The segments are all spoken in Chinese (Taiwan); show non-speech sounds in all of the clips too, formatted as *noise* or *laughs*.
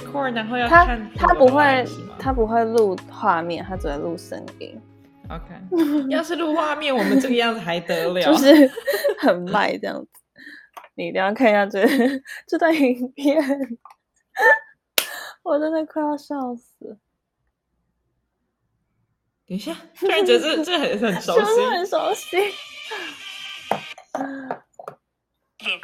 Record, 然他不會，他不會錄畫面，他只會錄聲音。OK，要是錄畫面， *laughs* 我們這個樣子還得了？就是很賣這樣子， *laughs* 你一定要看一下這這段影片， *laughs* 我真的快要笑死了。等一下，突然覺得這，這很, *laughs* 是是很熟悉，很熟悉。啊，也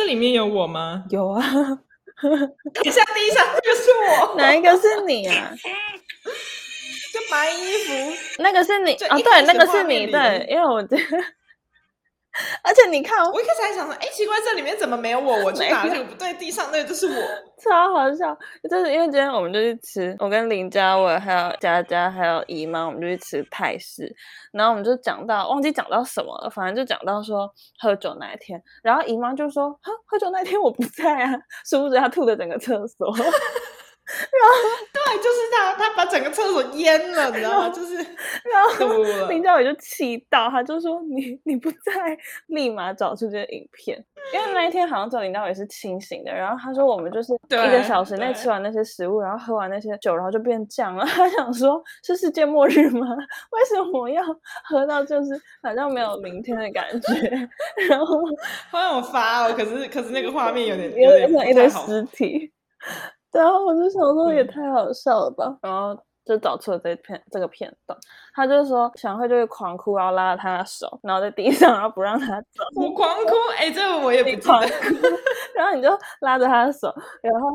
這裡面有我嗎？有啊， *laughs* 等一下第一下就、這個、是我， *laughs* 哪一個是你啊？ *laughs* 就白衣服那個是你啊、哦？對，那個是你，對，因為我這。 *laughs* 而且你看我，我一開始還想說，哎、欸，奇怪，這裡面怎麼沒有我？我就打那個不對，地上那個就是我， *laughs* 超好笑。就是因為今天我們就去吃，我跟林佳偉還有佳佳還有姨媽，我們就去吃泰式。然後我們就講到，忘記講到什麼了，反正就講到說喝酒那天，然後姨媽就說，喝酒那天我不在啊，殊不知她吐了整個廁所。 *laughs* *laughs* 然後。整個廁所淹了，你知道嗎？後就是，然後林兆偉就氣到，他就說你：“你你不在，立馬找出這些影片。”因為那一天好像找林兆偉是清醒的。然後他說：“我們就是一個小時內吃完那些食物，對然後喝完那些酒，對然後就變這樣了。”他想說：“是世界末日嗎？為什麼要喝到就是好像沒有明天的感覺？”然後後來我發了、哦，可是可是那個畫面有點有點像一堆屍體。然後我就想說也太好笑了吧？然後。就找出了這片這個片段，他就說小慧就會狂哭，然後拉著他的手，然後在地上，然後不讓他走。我狂哭，哎，這個我也不狂哭。 *laughs* 然後你就拉着他的手，然後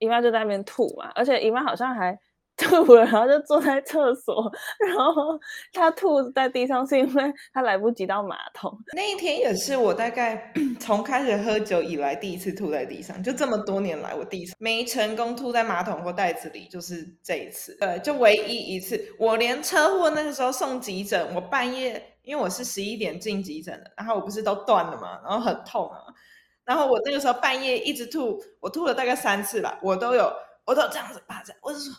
姨媽就在那邊吐嘛，而且姨媽好像還。吐了， *laughs* 然後就坐在廁所，然後他吐在地上，是因為他來不及到馬桶。那一天也是我大概從開始喝酒以來第一次吐在地上，就這麼多年來我第一次沒成功吐在馬桶或袋子裡，就是這一次。對，就唯一一次。我連車禍那個時候送急診，我半夜因為我是十一點進急診的，然後我不是都斷了嘛，然後很痛啊，然後我那個時候半夜一直吐，我吐了大概三次吧，我都有，我都有這樣子趴着，我就說。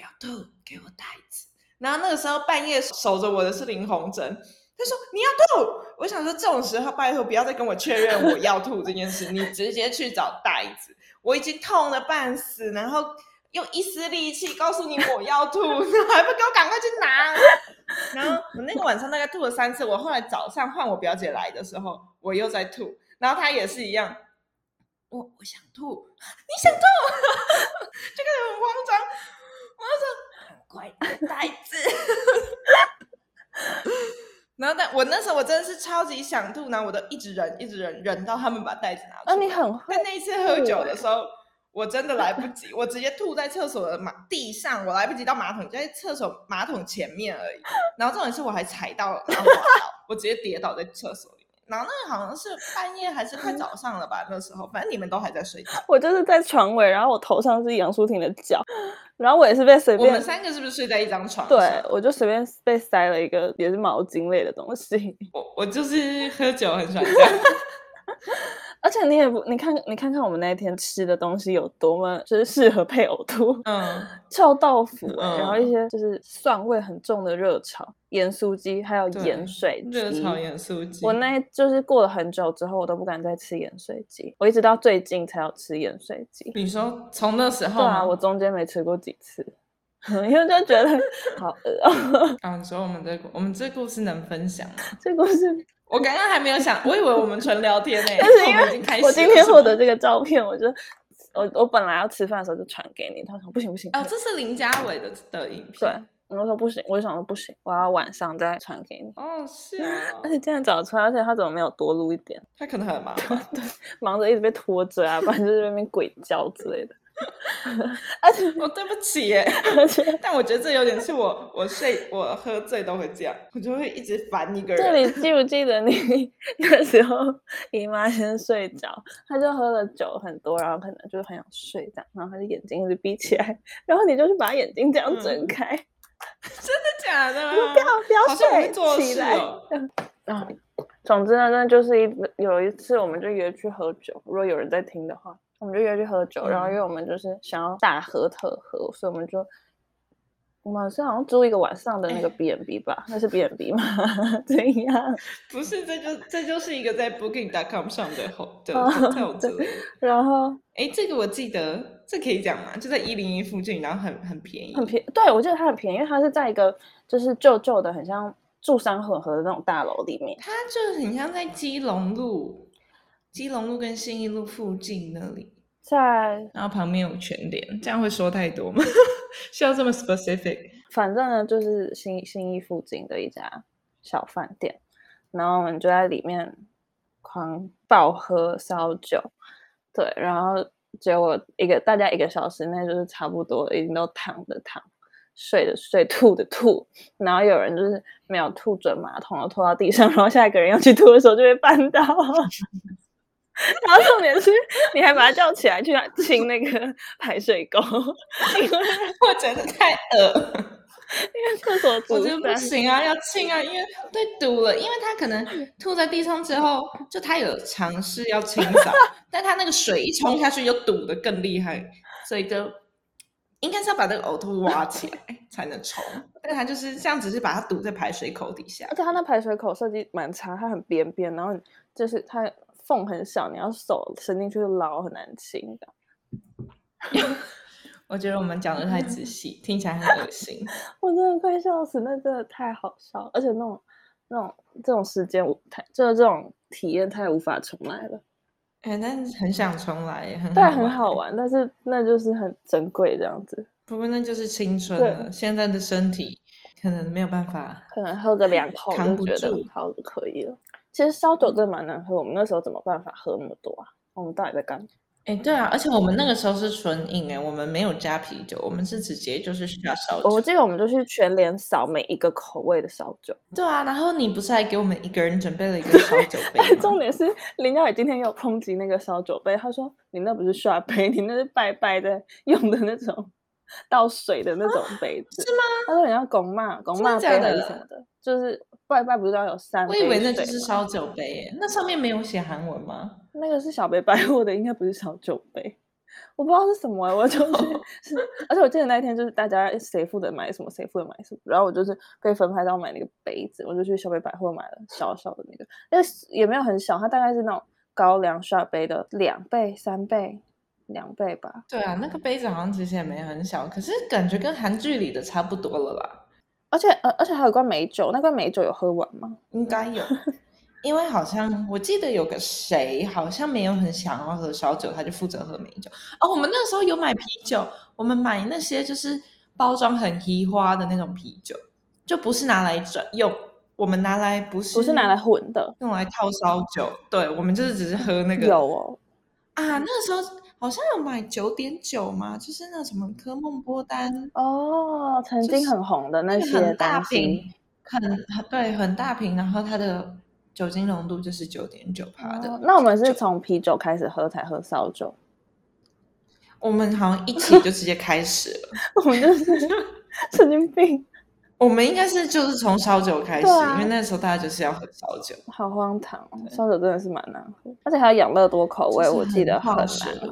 不要吐，給我袋子。然後那個時候半夜守着我的是林紅珍，她說你要吐？我想說這種時候，拜托不要再跟我確認我要吐這件事， *laughs* 你直接去找袋子。我已經痛了半死，然後用一絲力氣告訴你我要吐， *laughs* 還不給我趕快去拿。 *laughs* 然後我那個晚上大概吐了三次。我後來早上換我表姐來的時候，我又在吐，然後她也是一樣。我我想吐、啊，你想吐，就開始很慌張。我就說很乖的，袋子。 *laughs* *laughs* 然後，但我那時候我真的是超級想吐，然後我都一直忍，一直忍，忍到他們把袋子拿出來。啊、哦，你很壞。但那一次喝酒的時候，我真的來不及， *laughs* 我直接吐在廁所的馬地上，我來不及到馬桶，在廁所馬桶前面而已。然後，重點是我還踩到了，然後我， *laughs* 我直接跌倒在廁所。然後那個好像是半夜還是快早上了吧，那、嗯、時候反正你們都還在睡覺，我就是在床尾，然後我頭上是楊舒婷的腳，然後我也是被隨便，我們三個是不是睡在一張床？對，我就隨便被塞了一個也是毛巾類的東西。我我就是喝酒很爽這樣。 *laughs* *laughs* 而且你也不，你看你看看我們那天吃的東西有多麼就是適合配嘔吐，嗯， *laughs* 臭豆腐、欸，嗯、然後一些就是蒜味很重的熱炒鹽酥雞，還有鹽水雞。熱炒鹽酥雞。我那就是過了很久之後，我都不敢再吃鹽水雞，我一直到最近才有吃鹽水雞。你說從那時候，對啊，我中間沒吃過幾次， *laughs* 因為就覺得好餓。嗯、 *laughs* 啊。所以我們這我們這故事能分享、啊， *laughs* 這故事。我剛剛還沒有想，我以為我們純聊天呢、欸。 *laughs* 但是我已經開心。我今天獲得這個照片， *laughs* 我就，我我本來要吃飯的時候就傳給你，他說不行不行。哦，這是林嘉偉的的影片。對，我說不行，我就想說不行，我要晚上再傳給你。哦，是啊、哦。而且這樣找出來，而且他怎麼沒有多錄一點？他可能很忙。對， *laughs* 忙着一直被拖着啊，不然就是在那邊鬼叫之類的。而且，我、 *laughs* 啊 oh, 對不起耶。啊、但我覺得這有點是我， *laughs* 我睡，我喝醉都會這樣，我就會一直煩一個人。對，你記不記得你那時候姨媽先睡着，她就喝了酒很多，然後可能就是很想睡這樣，然後她的眼睛一直閉起來，然後你就去把眼睛這樣睜開、嗯，真的假的？ *laughs* 不要不要睡起來。喔起來嗯、總之呢，那就是一有一次，我們就約去喝酒，如果有人在聽的話。我們就約去喝酒，然後因為我們就是想要大喝特喝，嗯、所以我們就我們是好像租一個晚上的那個 B and B 吧，欸、那是 B and B 嗎？對 *laughs* 呀樣，不是，這就這就是一個在 Booking.com 上的的 hotel、啊走。然後，哎、欸，這個我記得，這可以講嗎？就在一零一附近，然後很很便宜，很便。對，我記得它很便宜，因為它是在一個就是舊舊的、很像住商混合的那種大樓裡面。它就是很像在基隆路。基隆路跟信義路附近那裡，在然後旁邊有全點。這樣會說太多嗎？ *laughs* 需要這麼 specific？反正呢，就是信、信義附近的一家小飯店，然後我們就在裡面狂暴喝燒酒，對，然後結果一個大家一個小時內就是差不多已經都躺的躺，睡的睡，吐的吐，然後有人就是沒有吐準馬桶，然後拖到地上，然後下一個人要去吐的時候就被絆倒。 *laughs* 然後重點是，你還把他叫起來去清那個排水溝，因為 *laughs* *laughs* 我覺得是太噁，因為廁所我覺得不行啊，要清啊，因為對堵了，因為他可能吐在地上之後，就他有嘗試要清掃， *laughs* 但他那個水一沖下去，又堵得更厲害，所以就應該是要把那個嘔吐物挖起來才能沖，但他就是這樣，只是把它堵在排水口底下，而且他那排水口設計蠻長，它很邊邊，然後就是它。縫很小，你要手伸進去撈很難清的。 *laughs* 我覺得我們講的太仔細， *laughs* 聽起來很惡心。 *laughs* 我真的快笑死，那真的太好笑了，而且那種、那種、這種時間太，就是這種體驗太無法重來了。哎、欸，但很想重來，很但很好玩，但是那就是很珍貴這樣子。不過那就是青春了，對現在的身體可能沒有辦法，可能喝個兩口、嗯、就覺得好就可以了。其實燒酒真的蠻難喝，我們那時候怎麼辦法喝那麼多啊？我們到底在幹？哎，對啊，而且我們那個時候是純飲哎、欸，我們沒有加啤酒，我們是直接就是刷燒酒。我記得我們就是全臉掃每一個口味的燒酒。對啊，然後你不是還給我們一個人準備了一個燒酒杯嗎？重點是林嘉偉今天又抨擊那個燒酒杯，他說，你那不是刷杯，你那是白白的用的那種倒水的那種杯子，啊、是嗎？他說你要拱罵拱罵杯什麼的，的，就是。拜拜，不是要有三杯？我以為那只是燒酒杯耶。那上面沒有寫韓文嗎？那個是小北百貨的，應該不是燒酒杯。我不知道是什麼，我就 *laughs* 是。而且我記得那一天就是大家誰負責買什麼，誰負責買什麼。然後我就是被分派到買那個杯子，我就去小北百貨買了小小的那個，但是也沒有很小，它大概是那種高粱刷杯的兩倍、三倍、兩倍吧。對啊，那個杯子好像其實也沒很小，可是感覺跟韓劇裡的差不多了吧。而且，而且還有罐梅酒，那罐梅酒有喝完嗎？應該有，因為好像我記得有個誰，好像沒有很想要喝燒酒，他就負責喝梅酒。哦，我們那時候有買啤酒，我們買那些就是包裝很奇花的那種啤酒，就不是拿來轉用，我們拿來不是來不是拿來混的，用來泡燒酒。對，我們就是只是喝那個。有哦。啊，那時候。好像有買九點九嘛，就是那什麼科夢波丹哦，曾經、就是、很紅的那些大瓶，很很對很大瓶，然後它的酒精濃度就是九點九趴的、哦。那我們是從啤酒開始喝才喝燒酒，我們好像一起就直接開始了， *laughs* 我們就是神經 *laughs* 病。我們應該是就是從燒酒開始，因為那時候大家就是要喝燒酒。好荒唐哦，燒酒真的是蠻難喝，而且還有養樂多口味，我記得好難喝。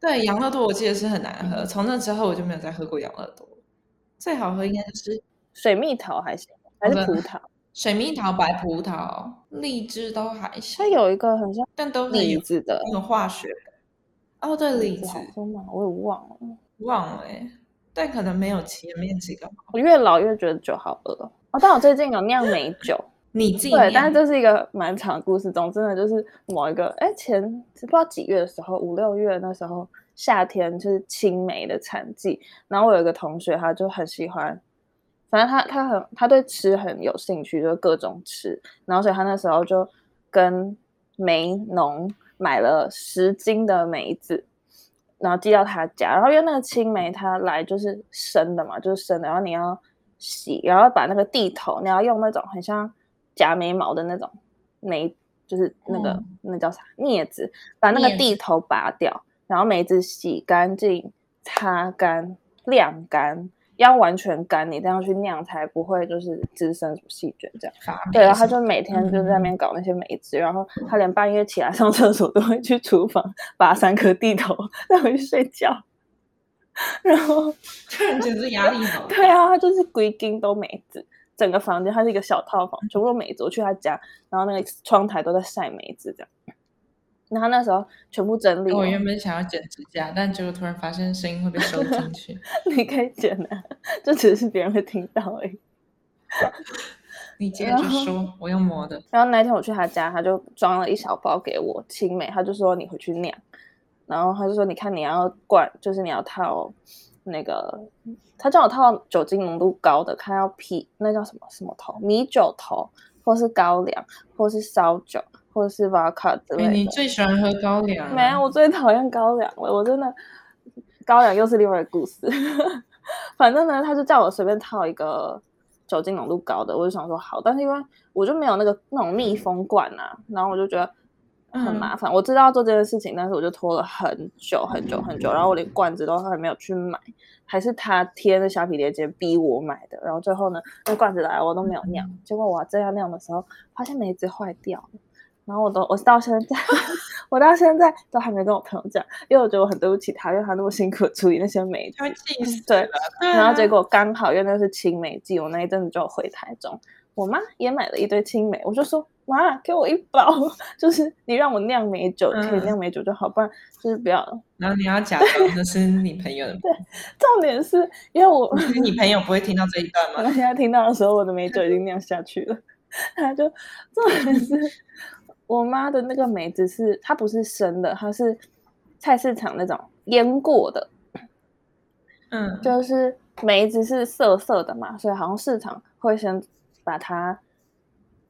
對，養樂多我記得是很難喝，從那之後我就沒有再喝過養樂多。最好喝應該就是水蜜桃還行，還是葡萄？水蜜桃、白葡萄、荔枝都還行。它有一個很像，但都是李子的那種化學。哦，對，李子。我也忘了，忘了欸。但可能沒有前面幾個。我越老越覺得酒好喝哦。但我最近有釀梅酒， *coughs* 你記得？對，但是這是一個蠻長的故事中，總之呢，就是某一個哎，前不知道幾月的時候，五六月那時候夏天就是青梅的產季。然後我有一個同學，他就很喜歡，反正他他很他對吃很有興趣，就各種吃。然後所以他那時候就跟梅農買了十斤的梅子。然後寄到他家，然後因為那個青梅它來就是生的嘛，就是生的，然後你要洗，然後把那個蒂頭，你要用那種很像夾眉毛的那種梅，就是那個、嗯、那叫啥鑷子，把那個蒂頭拔掉，鑷子。然後梅子洗乾淨、擦乾、晾乾。要完全乾，你這樣去釀才不會就是滋生細菌這樣。對啊，對，他就每天就在那邊搞那些梅子，嗯、然後他連半夜起來上廁所都會去廚房拔三顆地頭，再回去睡覺。然後，簡直壓力好。 *laughs* *laughs* 對啊，他就是規定都梅子，整個房間他是一個小套房，除了梅子。我去他家，然後那個窗台都在曬梅子這樣。然後那時候全部整理，哦。我原本想要剪指甲，但結果突然發現聲音會被收進去。 *laughs* 你可以剪的，啊，這只是別人會聽到而已。 *laughs* 你接着說，後我用磨的。然後那天我去他家，他就裝了一小包給我青梅，他就說，你回去釀。然後他就說你看你要灌，就是你要套那個，他叫我套酒精濃度高的，看要 P 那叫什麼什麼頭米酒頭，或是高粱，或是燒酒。或是 vodka 之類的、欸，你最喜歡喝高粱、啊？沒有，我最討厭高粱了。我真的，高粱又是另外的故事。 *laughs* 反正呢，他就叫我隨便套一個酒精濃度高的，我就想說好，但是因為我就沒有那個那種密封罐啊，然後我就覺得很麻煩。嗯、我知道要做這件事情，但是我就拖了很久很久很久，然後我連罐子都還沒有去買，還是他貼着蝦皮鏈接逼我買的。然後最後呢，那罐子來我都沒有釀，結果我正要釀的時候，發現梅子壞掉了。然後我到我到現在， *laughs* 我到現在都還沒跟我朋友講，因為我覺得我很對不起他，因為他那麼辛苦處理那些梅酒。對，對了嗯、然後結果剛好用的是青梅季，我那一陣子就回台中，我媽也買了一堆青梅，我就說媽給我一包，就是你讓我釀梅酒，嗯、可以釀梅酒就好，不然就是不要。然後你要假裝對是你朋友的朋友。對，重點是因為我你朋友不會聽到這一段嗎？我現在聽到的時候，我的梅酒已經釀下去了， *laughs* 他就重點是。我媽的那個梅子是它不是生的，它是菜市場那種醃過的。嗯，就是梅子是澀澀的嘛，所以好像市場會先把它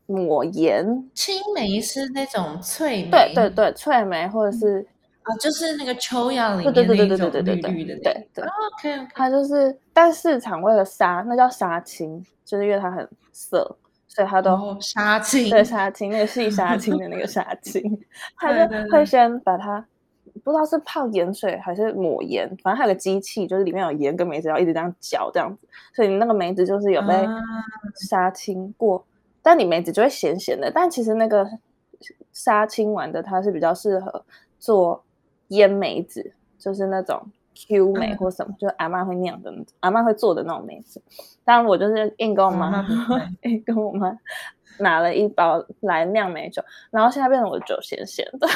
抹鹽。青梅是那種脆梅，對對對，對，脆梅或者是啊，就是那個秋雅裡面那種綠綠的那種，對對對對那對對。它就是，但市場為了殺，那叫殺青，就是因為它很澀。所以它都殺、oh, 青，對殺青，那個是殺青的那個殺青，它 *laughs* 對就會先把它不知道是泡鹽水還是抹鹽，反正它有個機器，就是裡面有鹽跟梅子，要一直這樣攪這樣子，所以那個梅子就是有被殺青過，啊、但你梅子就會鹹鹹的，但其實那個殺青完的它是比較適合做醃梅子，就是那種。Q 美或什麼，嗯、就是阿嬤會釀的，阿嬤會做的那種梅子。但我就是硬跟我媽，硬跟我媽拿了一包來釀梅酒，然後現在變成我的酒鹹鹹的、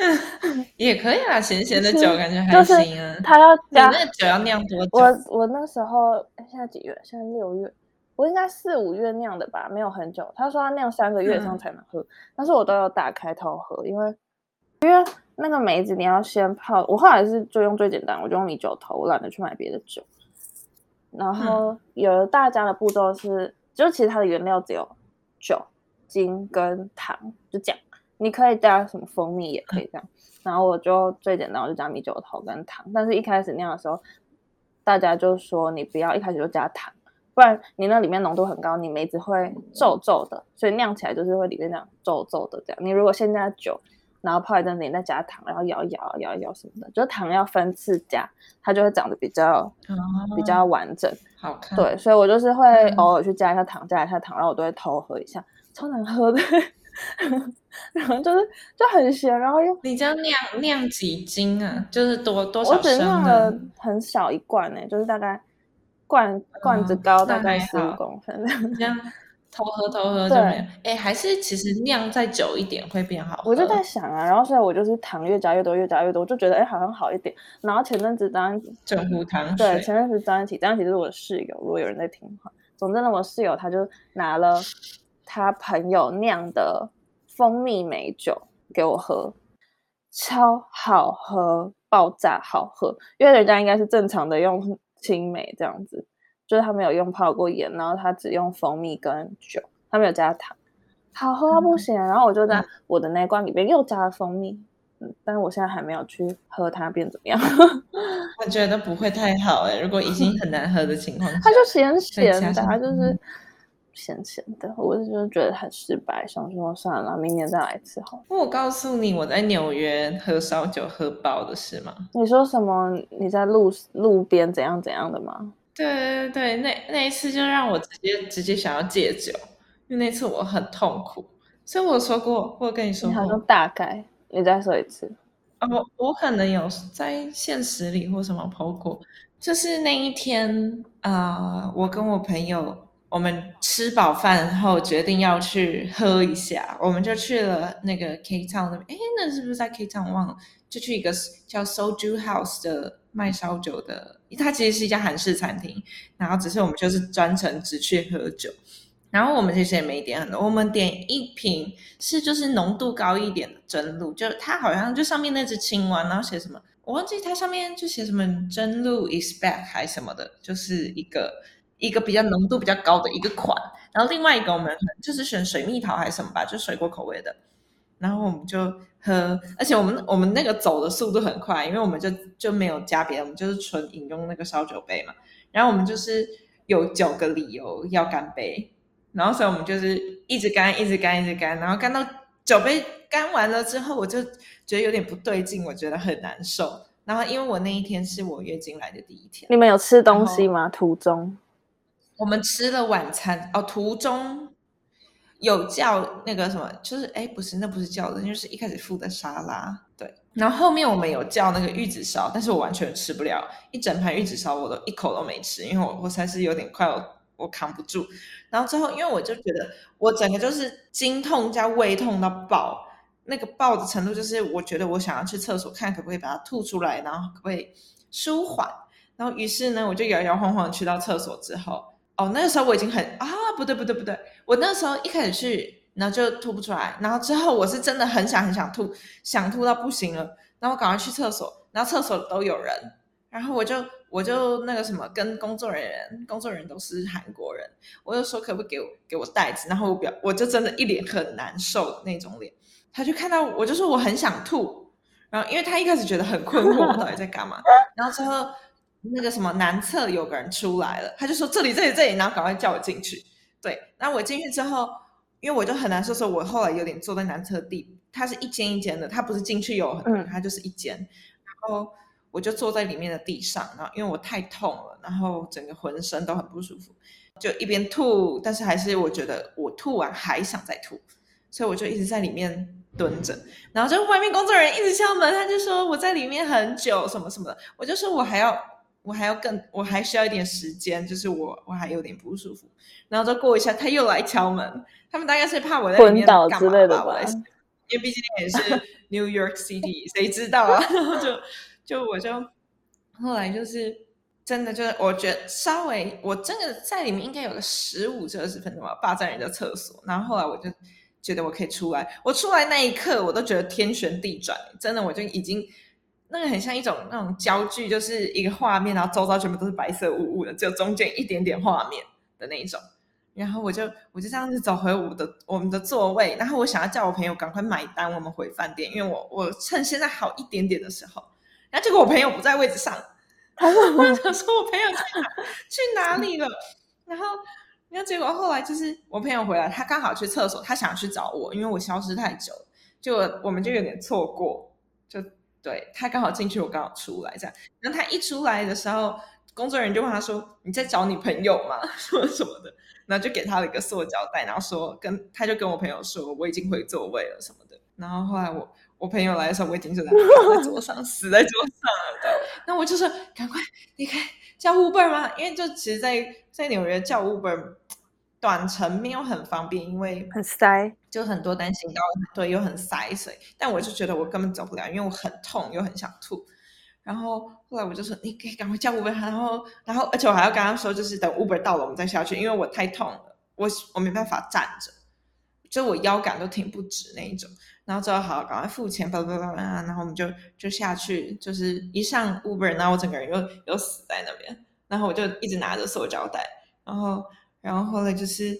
嗯，也可以啊，鹹鹹的酒感覺還行啊。就是、他要加那酒要釀多久？我我那時候現在幾月？現在六月，我應該四五月釀的吧，沒有很久。他說要釀三個月以上、嗯、才能喝，但是我都要打開偷喝，因為因為。那個梅子你要先泡，我後來是就用最簡單，我就用米酒頭，我懶得去買別的酒。然後有大家的步驟是，就其實它的原料只有酒、精跟糖，就這樣。你可以加什麼蜂蜜也可以這樣。嗯、然後我就最簡單，我就加米酒頭跟糖。但是一開始釀的時候，大家就說你不要一開始就加糖，不然你那裡面濃度很高，你梅子會皺皺的，所以釀起來就是會裡面這樣皺皺的這樣。你如果先加酒。然後泡一陣，然後再加糖，然後搖一搖搖一搖什麼的，就是糖要分次加，它就會長得比較、哦、比較完整。好看，對，所以我就是會偶爾去加一下糖，嗯、加一下糖，然後我都會偷喝一下，超難喝的。 *laughs* 然後就是就很鹹，然後又你這樣釀釀幾斤啊？就是多多少、啊？我只釀了很少一罐呢、欸，就是大概罐罐子高大概十五公分。哦 *laughs* 偷喝偷喝，對。哎，還是其實釀再久一點會變好。我就在想啊，然後所以我就是糖越加越多，越加越多，我就覺得哎好像好一點。然後前陣子張正夫糖對前陣子張一奇，張一奇就是我的室友。如果有人在聽的話，總之呢，我室友他就拿了他朋友釀的蜂蜜梅酒給我喝，超好喝，爆炸好喝。因為人家應該是正常的用青梅這樣子。就是他沒有用泡過鹽，然後他只用蜂蜜跟酒，他沒有加糖，好喝到不行。嗯、然後我就在我的那罐裡邊又加了蜂蜜，嗯、但是我現在還沒有去喝它，變怎麼樣？我 *laughs* 覺得不會太好、欸，如果已經很難喝的情況下， *laughs* 他就鹹鹹的，他，他就是鹹鹹的。嗯、我就是覺得很失敗，想說算了，明年再來一次好。我告訴你，我在紐約喝燒酒喝爆的事嗎？你說什麼？你在路路邊怎樣怎樣的嗎？對對對，那那一次就讓我直接直接想要戒酒，因為那次我很痛苦，所以我說過，我跟你說過。你好像大概，你再說一次。啊不、哦，我可能有在現實裡或什麼包括，就是那一天啊、呃，我跟我朋友，我們吃飽飯然後決定要去喝一下，我們就去了那個 K Town 那邊，哎，那是不是在 K Town 忘了？就去一個叫 Soju House 的。賣燒酒的，它其實是一家韓式餐廳，然後只是我們就是專程只去喝酒，然後我們其實也沒點很多，我們點一瓶是就是濃度高一點的真露，就它好像就上面那只青蛙，然後寫什麼我忘記它上面就寫什麼真露 is back 還什麼的，就是一個一個比較濃度比較高的一個款，然後另外一個我們就是選水蜜桃還是什麼吧，就水果口味的。然後我們就喝，而且我們我們那個走的速度很快，因為我們就就沒有加別人，我們就是純飲用那個燒酒杯嘛。然後我們就是有九個理由要乾杯，然後所以我們就是一直乾，一直乾，一直乾，然後乾到酒杯乾完了之後，我就覺得有點不對勁，我覺得很難受。然後因為我那一天是我月經來的第一天。你們有吃東西嗎？途中，我們吃了晚餐哦，途中。有叫那個什麼，就是哎，不是，那不是叫的，就是一開始附的沙拉，對。然後後面我們有叫那個玉子燒，但是我完全吃不了，一整盤玉子燒我都一口都沒吃，因為我我才是有點快，我我扛不住。然後之後，因為我就覺得我整個就是經痛加胃痛到爆，那個爆的程度就是我覺得我想要去廁所看可不可以把它吐出來，然後可不可以舒緩。然後於是呢，我就搖搖晃晃去到廁所之後，哦，那個時候我已經很啊，不對，不對，不對。我那時候一開始去，然後就吐不出來，然後之後我是真的很想很想吐，想吐到不行了，然後我趕快去廁所，然後廁所都有人，然後我就我就那個什麼，跟工作人員，工作人員都是韓國人，我就說可不可以給我給我袋子，然後我表我就真的一臉很難受的那種臉，他就看到我就說我很想吐，然後因為他一開始覺得很困惑我到底在幹嘛，然後之後那個什麼男廁有個人出來了，他就說這裡這裡這裡，然後趕快叫我進去。對，那我進去之後，因為我就很難受、受，說，我後來有點坐在男廁地，它是一間一間的，它不是進去有很多，它就是一間，嗯，然後我就坐在裡面的地上，然後因為我太痛了，然後整個渾身都很不舒服，就一邊吐，但是還是我覺得我吐完還想再吐，所以我就一直在裡面蹲着，然後就外面工作人員一直敲門，他就說我在裡面很久，什麼什麼的，我就說我還要。我還要更，我還需要一點時間，就是我我還有點不舒服，然後再過一下，他又來敲門，他們大概是怕我在昏倒之類吧，吧，因為畢竟也是 New York City， *laughs* 誰知道啊？然後就就我就後來就是真的就是，我覺得稍微我真的在裡面應該有個十五至二十分鐘吧，霸占人家廁所，然後後來我就覺得我可以出來，我出來那一刻我都覺得天旋地轉，真的我就已經。那個很像一種那種焦距，就是一個畫面，然後周遭全部都是白色霧霧的，只有中間一點點畫面的那一種。然後我就我就這樣子走回我的我們的座位，然後我想要叫我朋友趕快買單，我們回飯店，因為我我趁現在好一點點的時候。然後結果我朋友不在位置上，我就說：“我朋友去哪？ *laughs* 去哪裡了？”然後然後結果後來就是我朋友回來，他剛好去廁所，他想要去找我，因為我消失太久了，就我們就有點錯過，就。對，他剛好進去，我剛好出來，這樣。然後他一出來的時候，工作人員就問他說：“你在找你朋友嗎？什麼什麼的。”然後就給他了一個塑膠袋，然後說：“跟他就跟我朋友說我已經回座位了什麼的。”然後後來我我朋友來的時候，我已經坐在，在桌上死在桌上了。對， *laughs* 那我就說趕快，你可以叫 Uber 嗎？因為就其實在，在在紐約叫 Uber，短程沒有很方便，因為很塞，就很多單行道，對，又很塞，所以，但我就覺得我根本走不了，因為我很痛，又很想吐。然後後來我就說：“你可以趕快叫 Uber。”然後，然後而且我還要跟他說，就是等 Uber 到了，我們再下去，因為我太痛了，我我沒辦法站着，就我腰桿都挺不直那一種。然後就好，趕快付錢，叭叭叭叭，然後我們就就下去，就是一上 Uber，然後我整個人又又死在那邊。然後我就一直拿着塑膠袋，然後。然後後來就是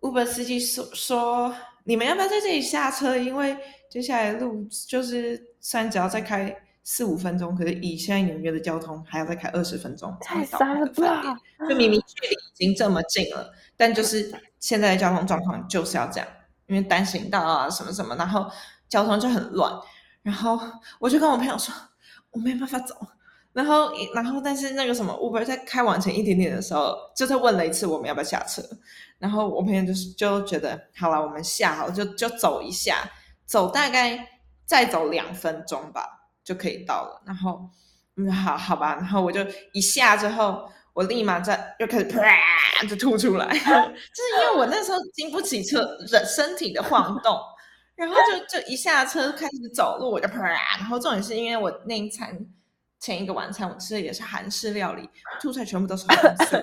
Uber 司機說說，你們要不要在這裡下車？因為接下來的路就是雖然只要再開四五分鐘，可是以現在紐約的交通，還要再開二十分鐘，太傻了吧！就明明距離已經這麼近了，嗯、但就是現在的交通狀況就是要這樣，因為單行道啊什麼什麼，然後交通就很亂。然後我就跟我朋友說，我沒有辦法走。然後，然後，但是那個什麼，Uber 在開往前一點點的時候，就是問了一次我們要不要下車。然後我朋友就是就覺得，好了，我們下好，就就走一下，走大概再走兩分鐘吧，就可以到了。然後，嗯，好好吧。然後我就一下之後，我立馬在又開始啪啦就吐出來， *laughs* *laughs* 就是因為我那時候經不起車人身體的晃動， *laughs* 然後就就一下車開始走路我就啪啦，然後重點是因為我那一餐。前一個晚上我吃的也是韓式料理，吐出來全部都是紅色，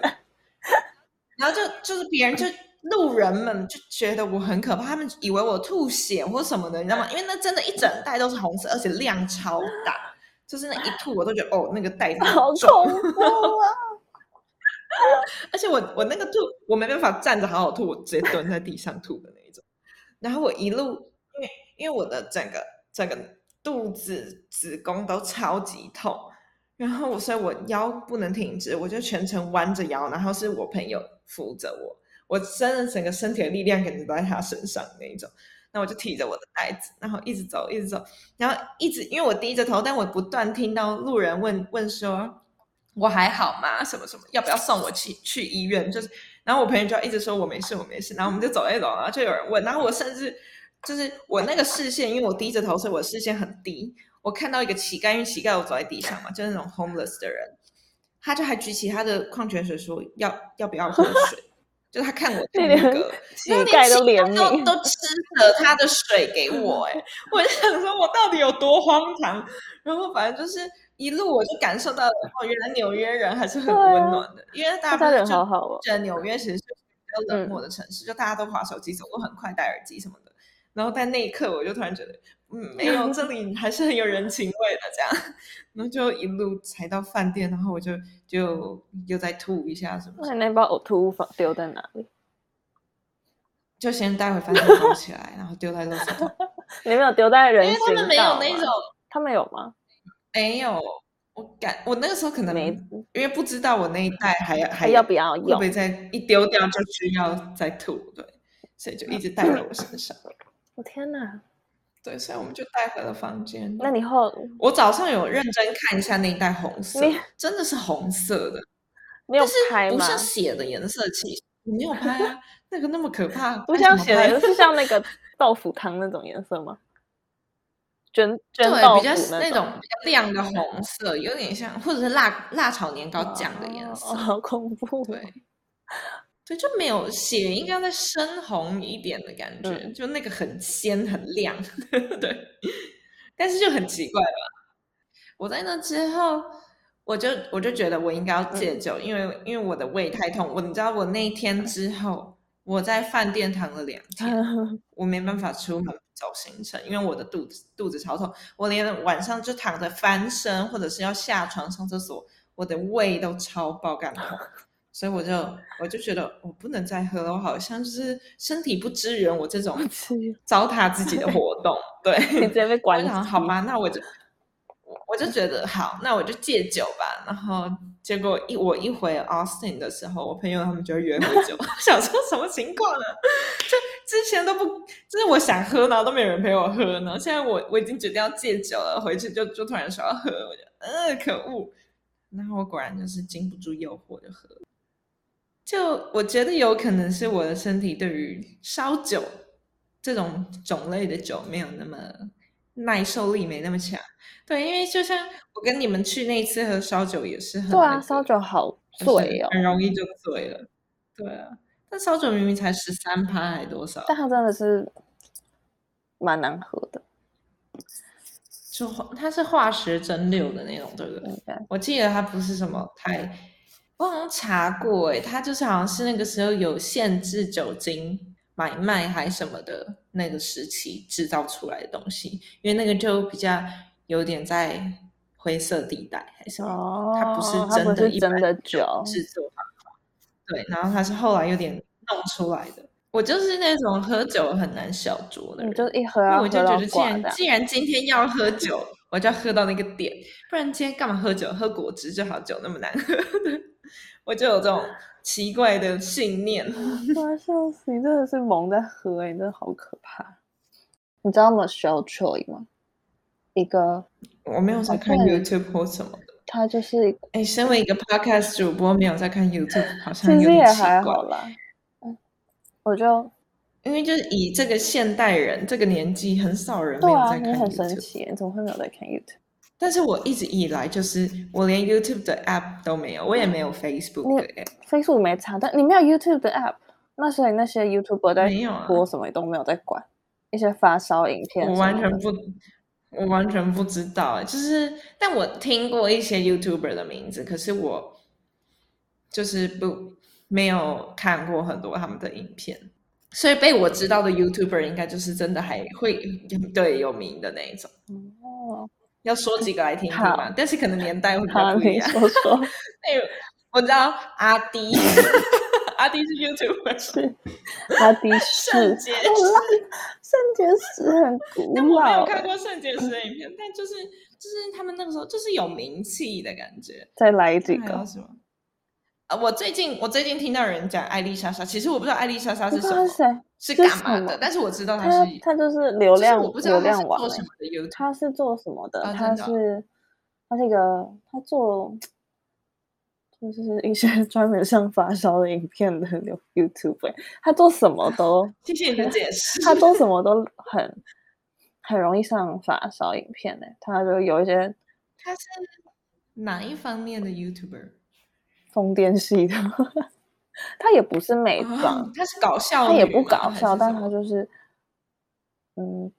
*laughs* 然後就就是別人就路人們就覺得我很可怕，他們以為我吐血或什麼的，你知道嗎？因為那真的一整袋都是紅色，而且量超大，就是那一吐我都覺得哦，那個袋子好重啊！ *laughs* 而且我我那個吐，我沒辦法站着好好吐，我直接蹲在地上吐的那一種。然後我一路因為因為我的整個整個肚子子宮都超級痛。然後我，所以我腰不能挺直，我就全程彎着腰。然後是我朋友扶着我，我真的整個身體的力量給都在他身上那一種。那我就提着我的袋子，然後一直走，一直走，然後一直因為我低着頭，但我不斷聽到路人問問說：“我還好嗎？什麼什麼？要不要送我去去醫院？”就是，然後我朋友就一直說我沒事，我沒事。然後我們就走了一走，然後就有人問。然後我甚至就是我那個視線，因為我低着頭，所以我視線很低。我看到一個乞丐，因為乞丐我走在地上嘛，就是那種 homeless 的人，他就還舉起他的礦泉水說要要不要喝水， *laughs* 就他看我的那個、個，乞丐都都都吃了他的水給我，欸，哎， *laughs* 我就想說我到底有多荒唐。然後反正就是一路我就感受到，哦，原來紐約人還是很溫暖的。啊、因為大家本來就覺得紐約其實、嗯、是比較冷漠的城市，就大家都滑手機，走路很快，戴耳機什麼的。然後在那一刻我就突然覺得。嗯，沒有，這裡還是很有人情味的。這樣，然後就一路踩到飯店，然後我就就又再吐一下什麼。那把嘔吐物放丟在哪裡？就先帶回飯店收起來，然後丟在路上。你沒有丟在人行道？ *laughs* 他們沒有那種，他們，那種他們有嗎？沒有，我感我那個時候可能沒，因為不知道我那一帶還，還要還要不要，會不會再一丟掉就需要再吐？對，所以就一直帶在我身上。我 *laughs* 天哪！對，所以我們就帶回了房間了。那你後我早上有認真看一下那一袋紅色，你真的是紅色的，沒有拍嗎？不是血的顏色，其實沒有拍啊， *laughs* 那個那麼可怕。不像血，是像那個豆腐湯那種顏色嗎？ *laughs* 捐捐，捐豆腐那種，比較，那種比較亮的紅色，有點像，或者是辣辣炒年糕醬的顏色。哇對好恐怖哎！對就，就沒有血，應該要再深紅一點的感覺，嗯、就那個很鮮很亮。 *laughs* 對，但是就很奇怪吧？我在那之後，我就我就覺得我應該要戒酒，嗯、因為因為我的胃太痛。我你知道，我那一天之後，嗯、我在飯店躺了兩天，嗯、我沒辦法出門走行程，因為我的肚子肚子超痛。我連晚上就躺着翻身，或者是要下床上廁所，我的胃都超爆幹痛。嗯所以我就我就覺得我不能再喝了，我好像就是身體不支援我這種糟蹋自己的活動，對，對你直接被關上好嗎？那我就我我就覺得好，那我就戒酒吧。然後結果一我一回 Austin 的時候，我朋友他們就約我喝酒，我 *laughs* *laughs* 想說什麼情況呢？啊？就之前都不就是我想喝，然後都沒有人陪我喝呢，然後現在我我已經決定要戒酒了，回去就就突然說要喝，我就呃可惡，然後我果然就是經不住誘惑就喝了。就我覺得有可能是我的身體對於燒酒這種種類的酒沒有那麼耐受力，沒那麼強。對，因為就像我跟你們去那一次喝燒酒也是很、那個……對啊，燒酒好醉哦，很容易就醉了。嗯、對啊，但燒酒明明才十三趴還多少？但它真的是蠻難喝的，就它是化石蒸餾的那種，對不對？白我記得它不是什麼太。我好像查過、欸，哎，它就是好像是那個時候有限制酒精買賣還什麼的那個時期製造出來的東西，因為那個就比較有點在灰色地帶還是什麼，哦、它不是真的一般的酒製作方法，對，然後它是後來有點弄出來的。我就是那種喝酒很難小酌的人，我就一喝、啊，因為我就覺得既然既然今天要喝酒。我就要喝到那個點，不然今天幹嘛喝酒？喝果汁就好，酒那麼難喝。 *laughs* 我就有這種奇怪的信念。笑死你！你真的是猛在喝，你真的好可怕。你知道嗎？一個我沒有在看 YouTube 或什麼的，他就是哎，身為一個 Podcast 主播，沒有在看 YouTube，好像有點奇怪了。我就。因為就是以這個現代人這個年紀，很少人沒有在看 YouTube。對啊，你很神奇，怎麼會沒有在看 YouTube？但是我一直以來就是，我連 YouTube 的 App 都沒有，我也沒有 Facebook。你 Facebook 沒差，但你沒有 YouTube 的 App，那所以那些 YouTuber 在播什麼都沒有在管，啊、一些發燒影片，我完全不，我完全不知道。就是，但我聽過一些 YouTuber 的名字，可是我就是不，沒有看過很多他們的影片。所以被我知道的 YouTuber 應該就是真的還會有對有名的那一種哦。要說幾個來聽聽吧？好但是可能年代會不一樣。好，說哎， *laughs* 我知道阿滴，阿滴 *laughs* *laughs* 是 YouTuber，是阿滴是聖結，聖結 *laughs* 石，石很古老。但我沒有看過聖結石的影片。 *laughs* 但就是就是他們那個時候就是有名氣的感覺。再來幾個。啊，我最近我最近聽到人講愛麗莎莎，其實我不知道愛麗莎莎是什麼，是，是幹嘛的？她但是我知道她是她，她就是流量流量網，是我不知道她是做什麼的？欸、她是、哦、她這是個她做就是一些專門上發燒的影片的 YouTube，她、欸、做什麼都謝謝你的解釋，她做什麼都，她做什麼都很很容易上發燒影片呢、欸？她就有一些她是哪一方面的 YouTuber？瘋癲系的， *laughs* 他也不是美妝，啊、他是搞笑，他也不搞笑，但他就是，嗯，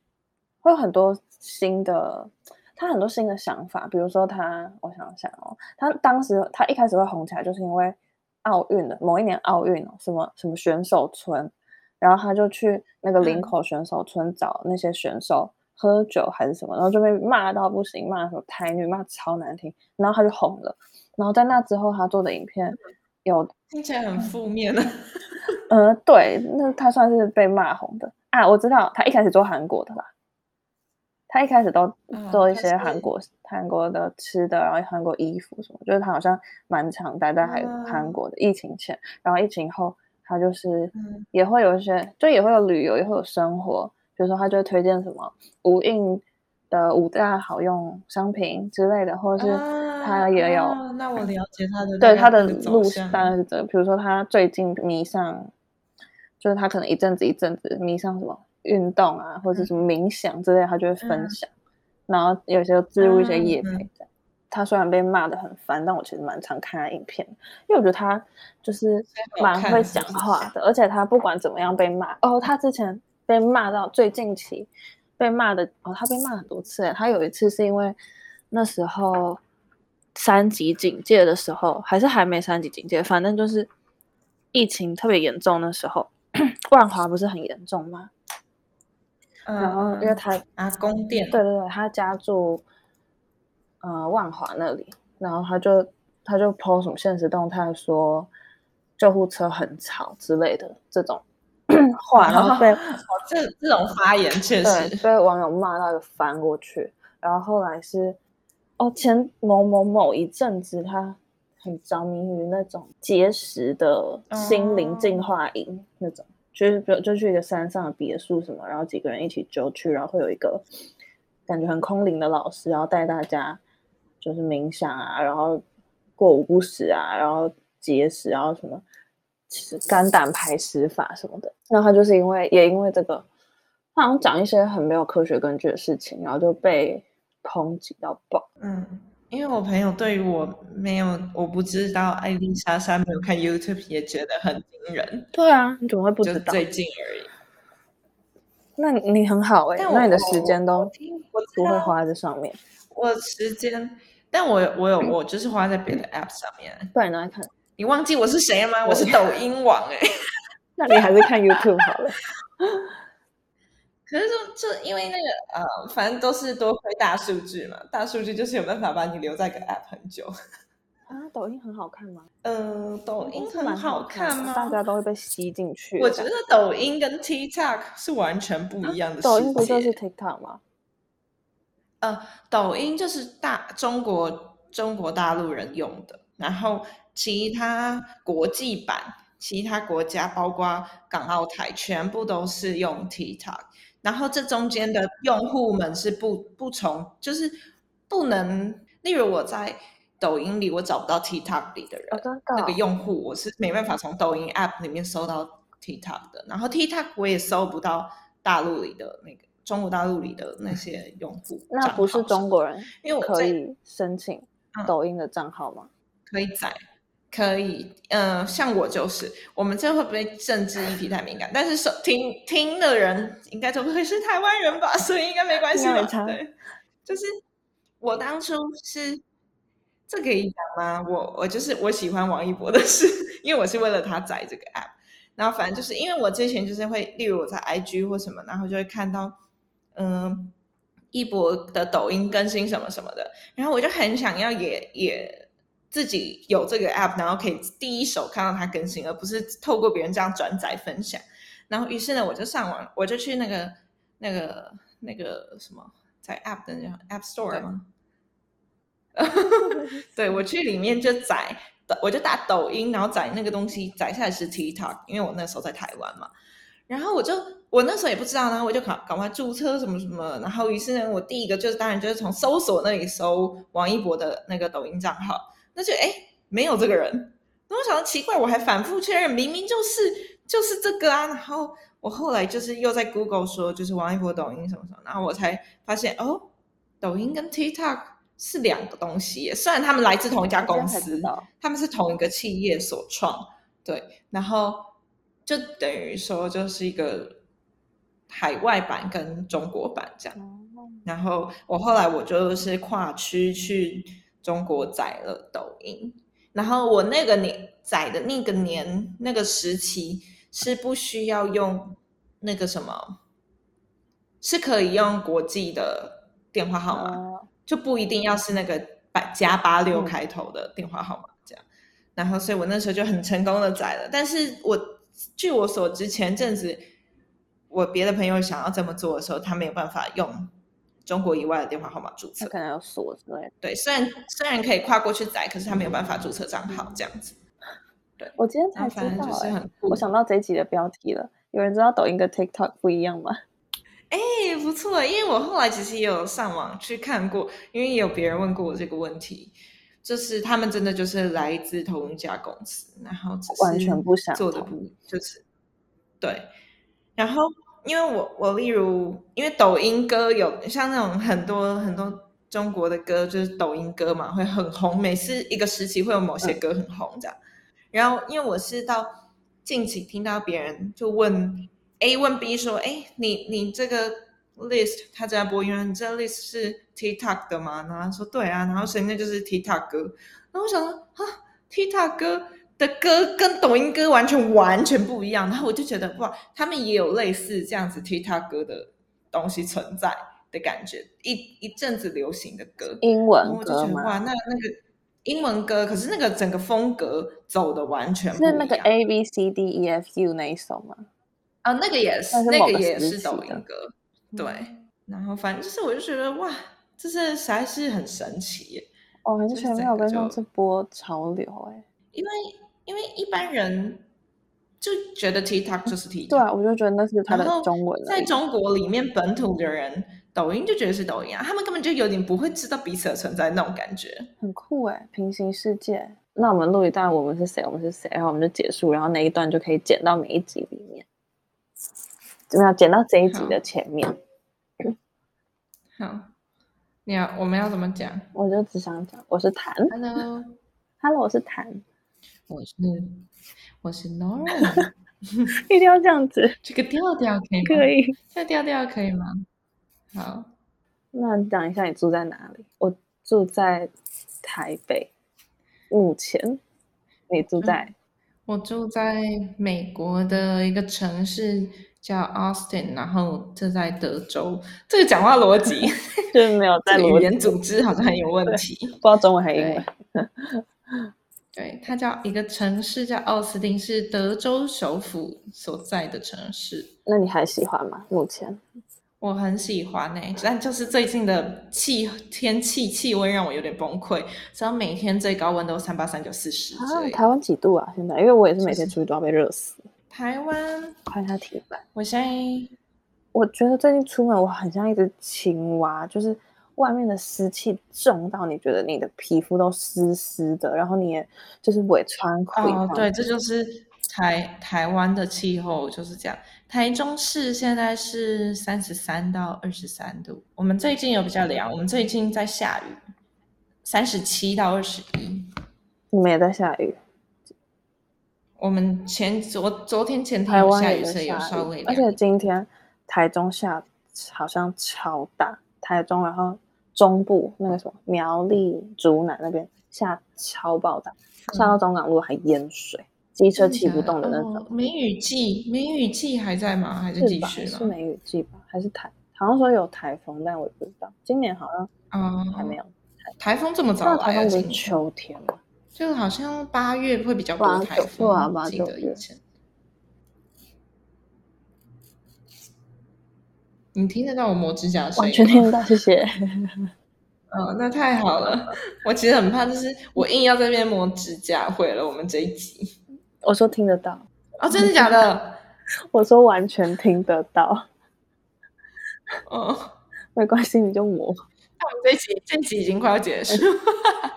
會有很多新的，他很多新的想法，比如說他，我想想哦，他當時他一開始會紅起來，就是因為奧運的某一年奧運，什麼什麼選手村，然後他就去那個林口選手村找那些選手、嗯、喝酒還是什麼，然後就被罵到不行，罵什麼台女，罵超難聽，然後他就紅了。然後在那之後，他做的影片有聽起來很負面的、啊， *laughs* 呃，對，那他算是被罵紅的啊。我知道他一開始做韓國的吧，他一開始都做一些韓國韓、哦、國的吃的，然後韓國衣服什麼，就是他好像蠻常待在韓韓國的、嗯、疫情前，然後疫情後他就是也會有一些，嗯、就也會有旅遊，也會有生活，比如說他就會推薦什麼無印的五大好用商品之類的，或者是。嗯他也有、哦，那我了解他的、嗯、對他的路線，當然是、這個，是比如說他最近迷上，啊、就是他可能一陣子一陣子迷上什麼運動啊，或者什麼冥想之類的，他就會分享。嗯、然後有些就置入一些業配。嗯嗯、他雖然被罵的很煩，但我其實蠻常看他影片，因為我覺得他就是蠻會講話的，而且他不管怎麼樣被罵。嗯、哦，他之前被罵到最近期被罵的，哦，他被罵很多次。他有一次是因為那時候。三級警戒的時候，還是還沒三級警戒，反正就是疫情特別嚴重的時候， *coughs* 萬華不是很嚴重嗎？嗯、然後，因為他，阿公店、嗯，對對對，他家住，呃，萬華那裡，然後他就他就 po 什麼現實動態，說救護車很吵之類的這種 *coughs* 話，然後被哦，這這種發言確實被網友罵到就翻過去，然後後來是。哦，oh，前某某某一陣子，他很着迷於那種節食的心靈淨化營，oh。那種就是就就去一個山上的別墅什麼，然後幾個人一起就去，然後會有一個感覺很空靈的老師，然後帶大家就是冥想啊，然後過午不食啊，然後節食，然後什麼其實肝膽排石法什麼的。那他就是因為也因為這個，他好像講一些很沒有科學根據的事情，然後就被。抨擊到爆，嗯，因為我朋友對於我沒有我不知道，艾麗莎莎沒有看 YouTube 也覺得很驚人。對啊，你怎麼會不知道？最近而已。那你很好哎、欸，我那你的時間都不會花在上面。我時間，但我我有我就是花在別的 App 上面。對、嗯，能看。你忘記我是誰了嗎？我是抖音網哎、欸。 *laughs* 那你還是看 YouTube 好了。 *laughs* 可是就就因為那個呃，反正都是多虧大數據嘛。大數據就是有辦法把你留在個 App 很久。啊，抖音很好看嗎？呃、抖音很好看嗎？嗯，抖音很好看嗎？大家都會被吸進去。我覺得抖音跟 TikTok 是完全不一樣的世界。啊、抖音不就是 TikTok 嗎？呃，抖音就是大中國中國大陸人用的，然後其他國際版、其他國家，包括港澳台，全部都是用 TikTok。然後這中間的用戶們是不不從，就是不能。例如我在抖音裡，我找不到 TikTok 裡的人，哦、那個用戶，我是沒辦法從抖音 App 裡面搜到 TikTok 的。然後 TikTok 我也搜不到大陸裡的那個中國大陸裡的那些用戶。那不是中國人？因為我可以申請抖音的賬號嗎？在嗯、可以載。可以，嗯、呃，像我就是，我們這會不會政治議題太敏感？ *laughs* 但是說聽聽的人應該都不會是台灣人吧，所以應該沒關係，對，就是我當初是，這可以講嗎？我我就是我喜歡王一博的事，因為我是為了他載這個 app。然後反正就是因為我之前就是會，例如我在 IG 或什麼，然後就會看到嗯一博的抖音更新什麼什麼的，然後我就很想要也也。自己有這個 app，然後可以第一手看到它更新，而不是透過別人這樣轉載分享。然後於是呢，我就上網，我就去那個、那個、那個什麼，在 app 的那種 App Store 嗎？對， *laughs* 對我去裡面就載，我就打抖音，然後載那個東西載下來是 TikTok，因為我那時候在台灣嘛。然後我就我那時候也不知道呢，然後我就趕趕快註冊什麼什麼。然後於是呢，我第一個就是當然就是從搜索那裡搜王一博的那個抖音賬號。那就哎，沒有這個人。那我想到奇怪，我還反復確認，明明就是就是這個啊。然後我後來就是又在 Google 說，就是王一博抖音什麼什麼，然後我才發現哦，抖音跟 TikTok 是兩個東西。雖然他們來自同一家公司，他們是同一個企業所創，對。然後就等於說，就是一個海外版跟中國版這樣。哦。然後我後來我就是跨區去。中國載了抖音，然後我那個年載的那個年那個時期是不需要用那個什麼，是可以用國際的電話號碼，就不一定要是那個百加八六開頭的電話號碼這樣。嗯、然後，所以我那時候就很成功的載了。但是我據我所知，前陣子我別的朋友想要這麼做的時候，他沒有辦法用。中國以外的電話號碼註冊可能要鎖之類的。對，對，雖然雖然可以跨過去載，可是他沒有辦法註冊賬號這樣子。嗯、對，我今天才知道哎，我想到這一集的標題了。有人知道抖音跟 TikTok 不一樣嗎？哎，不錯，因為我後來其實也有上網去看過，因為也有別人問過我這個問題，就是他們真的就是來自同一家公司，然後全完全不想做的不就是對，然後。因為我我例如，因為抖音歌有像那種很多很多中國的歌，就是抖音歌嘛，會很紅。每次一個時期會有某些歌很紅這樣。然後因為我是到近期聽到別人就問、嗯、A 問 B 說：“哎，你你這個 list 他在播，因為你這個 list 是 TikTok 的嘛？”然後說：“對啊。”然後所以那就是 TikTok 歌。那我想說啊，TikTok 歌。的歌跟抖音歌完全完全不一樣，然後我就覺得哇，他們也有類似這樣子 TikTok 歌的東西存在的感覺，一一陣子流行的歌，英文歌嗎？我就覺得哇，那那個英文歌，可是那個整個風格走的完全不是那個 A B C D E F U 那一首嗎？啊，那個也是，那，是那個也是抖音歌，嗯、對。然後反正就是，我就覺得哇，就是還是很神奇耶，我完全沒有跟上這波潮流哎，嗯、因為。因為一般人就覺得 TikTok 就是 TikTok，、嗯、對啊，我就覺得那是他的中文，在中國裡面，本土的人、嗯、抖音就覺得是抖音啊，他們根本就有點不會知道彼此的存在，那種感覺很酷哎，平行世界。那我們錄一段，我們是誰？我們是誰？然後我們就結束，然後那一段就可以剪到每一集裡面，怎麼樣？剪到這一集的前面。好，你要、 *laughs* yeah, 我們要怎麼講？我就只想講，我是譚。Hello，Hello，Hello, 我是譚。我是對我是 Nora， *laughs* 一定要這樣子，這個調調可以嗎？可以，這調調可以嗎？好，那你講一下你住在哪裡？我住在台北，目前。你住在？嗯，我住在美國的一個城市叫 Austin，然後就在德州。這個講話邏輯 *laughs* 就沒有在語言組織好像很有問題，對不知道中文還是英文。對，它叫一個城市，叫奧斯汀，是德州首府所在的城市。那你還喜歡嗎？目前我很喜歡呢、欸。但就是最近的氣天氣氣溫讓我有點崩潰，只要每天最高溫都三八、三九、四十，啊，台灣幾度啊？現在，因為我也是每天出去都要被熱死。台灣，看一下體溫。我相信我覺得最近出門，我很像一只青蛙，就是。外面的濕氣重到你覺得你的皮膚都濕濕的，然後你也就是會穿潰。哦，對，這就是台台灣的氣候就是這樣。台中市現在是三十三到二十三度，我們最近有比較涼，我們最近在下雨，三十七到二十一，你們也在下雨。我們前昨昨天前天台灣下雨是有稍微，而且今天台中下好像超大，台中然後。中部那個什麼苗栗竹南那邊下超暴大雨，下到中港路還淹水，嗯、機車騎不動的那種、哦。梅雨季，梅雨季還在嗎？還是繼續是？是梅雨季吧？還是台？好像說有台風，但我也不知道。今年好像啊還沒有颱風、嗯、台風這麼早來、啊、是秋天了，就好像八月會比較多台風八九 8, 9, 月。你聽得到我磨指甲聲音嗎？完全聽得到，謝謝。哦，那太好了。我其實很怕，就是我硬要在那邊磨指甲，毀了我們這一集。我說聽得到。哦，真的假的？我說完全聽得到。哦，沒關係，你就磨。那我們這一集，這一集已經快要結束了。哎。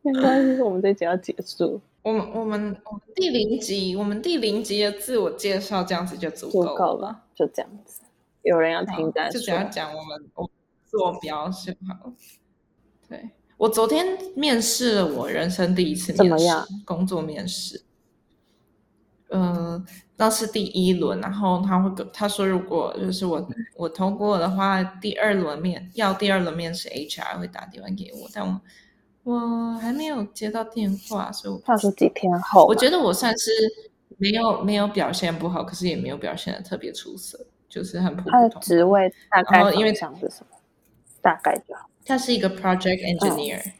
沒關係，我們這一集要結束。我們我們，我們第零集，我們第零集的自我介紹，這樣子就足夠了，夠了，就這樣子。有人要聽的，就只要講我們我坐標就好了。對，我昨天面試了我，我人生第一次面試怎麼樣工作面試。嗯、呃，那是第一輪，然後他會跟他說如果就是我、嗯、我通過的話，第二輪面要第二輪面試，HR 會打電話給我，但我我還沒有接到電話，所以我怕說幾天後。我覺得我算是沒有沒有表現不好，可是也沒有表現的特別出色。就是很普通。他的職位大概然後因為大概就好他是一個 project engineer，啊。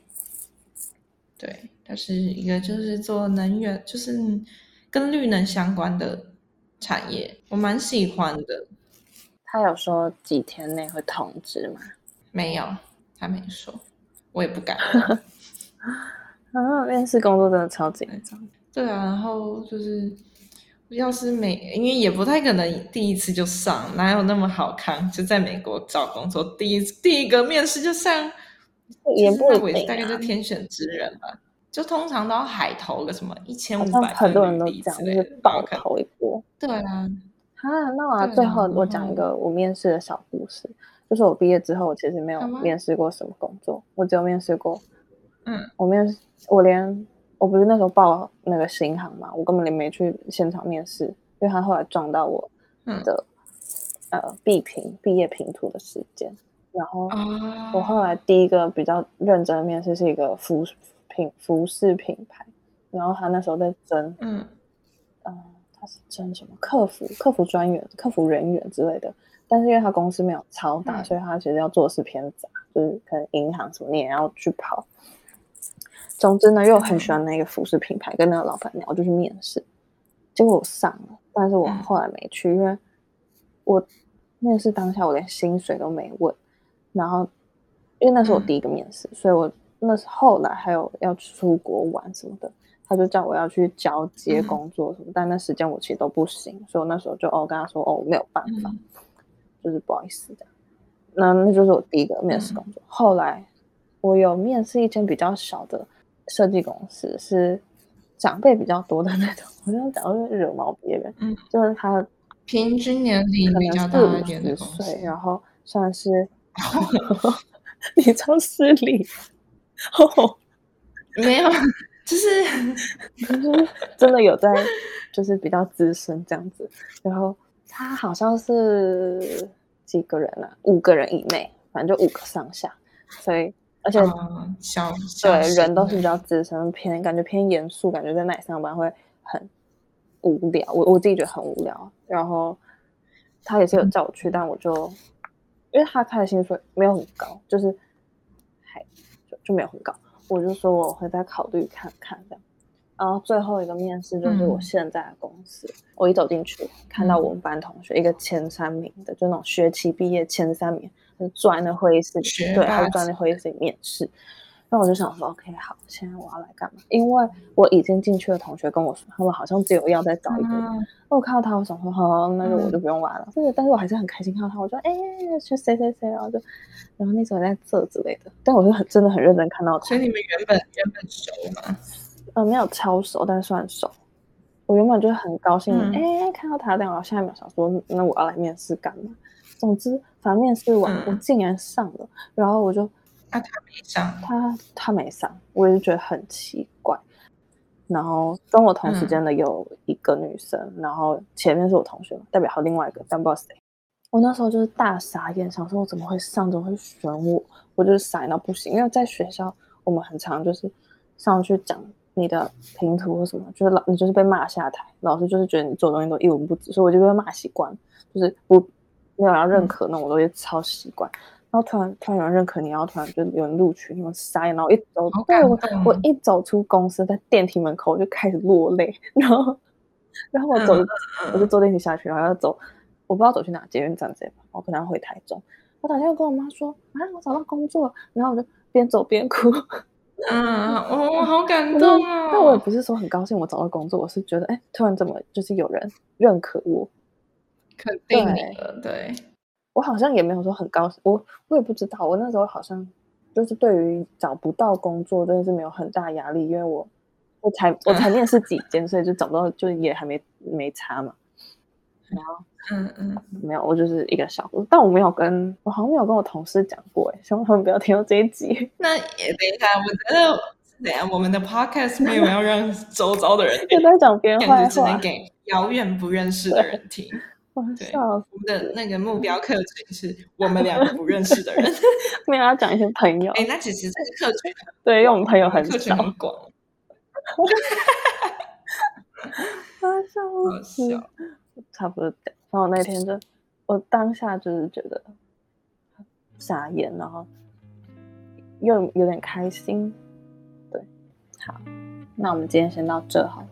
對，他是一個就是做能源，就是跟綠能相關的產業，我蠻喜歡的。他有說幾天內會通知嗎？沒有，他沒說，我也不敢。啊， *laughs* 然後面試工作真的超緊張。對啊，然後就是。要是沒，因為也不太可能第一次就上，哪有那麼好看？就在美國找工作，第一第一個面試就上，也不也啊、那我也大概就天選之人吧。就通常都要海投個什麼一千五百份簡歷開投一波。對啊，好、啊，那我、啊啊、最後我講一個我面試的小故事，就是我畢業之後，我其實沒有、啊、嗎面試過什麼工作，我只有面試過，嗯，我面試，我連。我不是那時候報那個新航嘛，我根本就沒去現場面試，因為他後來撞到我的、嗯、呃畢評畢業評圖的時間，然後我後來第一個比較認真的面試是一個服品服，服，服飾品牌，然後他那時候在徵，嗯、呃，他是徵什麼客服客服專員客服人員之類的，但是因為他公司沒有超大，嗯、所以他其實要做事偏雜，就是可能銀行什麼你也要去跑。總之呢，又很喜歡那個服飾品牌跟那個老闆娘，我就去面試，結果我上了，但是我後來沒去，因為我面試當下我連薪水都沒問，然後因為那是我第一個面試，所以我那時後來還有要出國玩什麼的，他就叫我要去交接工作什麼，但那時間我其實都不行，所以我那時候就哦跟他說哦我沒有辦法，就是不好意思的，那那就是我第一個面試工作。後來我有面試一間比較小的。設計公司是長輩比較多的那種，好像講到惹毛別人，嗯，就是他是平均年齡可能四十歲，對，然後算是，哦、 *laughs* 你超失禮，哦，沒有，就是 *laughs* 真的有在，就是比較資深這樣子，然後他好像是幾個人啊，五個人以內，反正就五個上下，所以。而且、uh, 對人都是比較資深偏感覺偏嚴肅，感覺在那裡上班會很無聊。我我自己覺得很無聊。然後他也是有叫我去，嗯、但我就因為他開的薪水沒有很高，就是還就就沒有很高。我就說我會再考慮看看這樣。然後最後一個面試就是我現在的公司，嗯、我一走進去看到我們班同學、嗯、一個前三名的，就那種學期畢業前三名。就坐在那會議室裡，吧對，他就坐在那會議室裡面試。吧那我就想說吧，OK，好，現在我要來幹嘛？因為我已經進去的同學跟我說，他們好像只有要再找一個人。那我，啊，看到他，我想說，好那就，個，我就不用玩了。但，嗯，是，但是我還是很開心看到他。我就哎、欸、誰誰誰，誰然後就然後那時候在這之類的。但我就很真的很認真看到他。所以你們原本原本熟嗎？呃，沒有超熟，但是算熟。我原本就是很高興，哎，嗯欸，看到他在。但我現在沒有想說，那我要來面試幹嘛？總之，反正面試完，嗯、我竟然上了，然後我就他他沒上，他他沒上，我就覺得很奇怪。然後跟我同時間的有一個女生，嗯、然後前面是我同學嘛，代表還有另外一個，但不知道誰。我那時候就是大傻眼，想說我怎麼會上，怎麼會選我？我就是傻到不行，因為在學校我們很常就是上去講你的評圖或什麼，就是老你就是被罵下台，老師就是覺得你做的東西都一文不值，所以我就被罵習慣，就是我。沒有人認可，那我都會超習慣。嗯、然後突然突然有人認可你，然後突然就有人錄取你，我傻眼。然後我一走，對我我一走出公司，在電梯門口我就開始落淚。然後然後我走，嗯、我就坐電梯下去，然後要走，我不知道走去哪，捷運站這邊。我可能要回台中，我打電話跟我媽說啊，我找到工作了。然後我就邊走邊哭。啊、嗯，嗯、我好感動啊、哦！但我也不是說很高興我找到工作，我是覺得哎，突然怎麼就是有人認可我。肯定的，對,對我好像也沒有說很高，我我也不知道，我那時候好像就是對於找不到工作真的是沒有很大壓力，因為我我才我才面試幾間，嗯、所以就找到就也還沒沒差嘛。然後嗯嗯沒有，我就是一個小，但我沒有跟我好像沒有跟我同事講過、欸，希望他們不要聽到這一集。那也 *laughs* 等一下，我覺得我們的 podcast 沒有要讓周遭的人 *laughs* 在講別人壞話，只能給遙遠不認識的人聽。對，我們的那個目標客群是我們兩個不認識的人， *laughs* 沒有要講一些朋友。哎，那其實這個客群，對，因為我們朋友很少。哈哈哈哈哈！差不多這樣。然後那天就，我當下就是覺得傻眼，然後又有點開心。對，好，那我們今天先到這好了。